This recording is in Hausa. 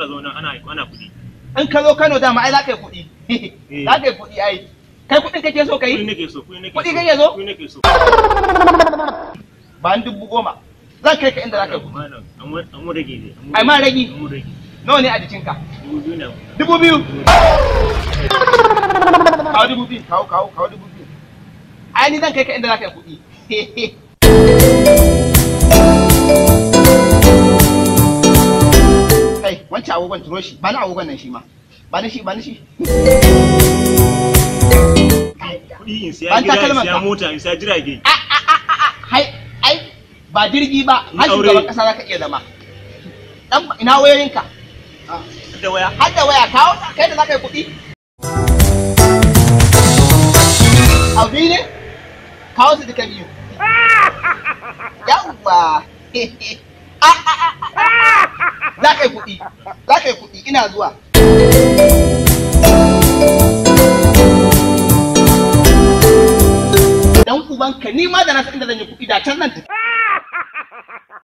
suka zo nan ana ana kuɗi in ka zo Kano dama ai za ka yi kuɗi eh. za ka yi kuɗi ai kai kuɗin kake so kai kuɗi nake so kuɗi nake so kuɗi kake so kuɗi nake so ba dubu goma zan kai ka inda za ka yi kuɗi an rage ne ai ma rage nawa ne a jikinka dubu biyu kawo dubu biyu kawo kawo dubu biyu ai ni zan kai ka inda za ka yi kuɗi wancan agogon turo shi ba na agogon nan shi ma ba na shi ba na shi kuɗi in siya gida in siya mota in siya jirage hai ai ba jirgi ba har shugaban kasa zaka iya zama dan ina wayoyinka ah, da waya har da waya kawo kai da zaka yi kuɗi audi ne kawo su duka biyu yawwa a a a ka yi kuɗi za ka yi kuɗi ina zuwa dan ka ni ma da na san inda zan yi kuɗi da can nan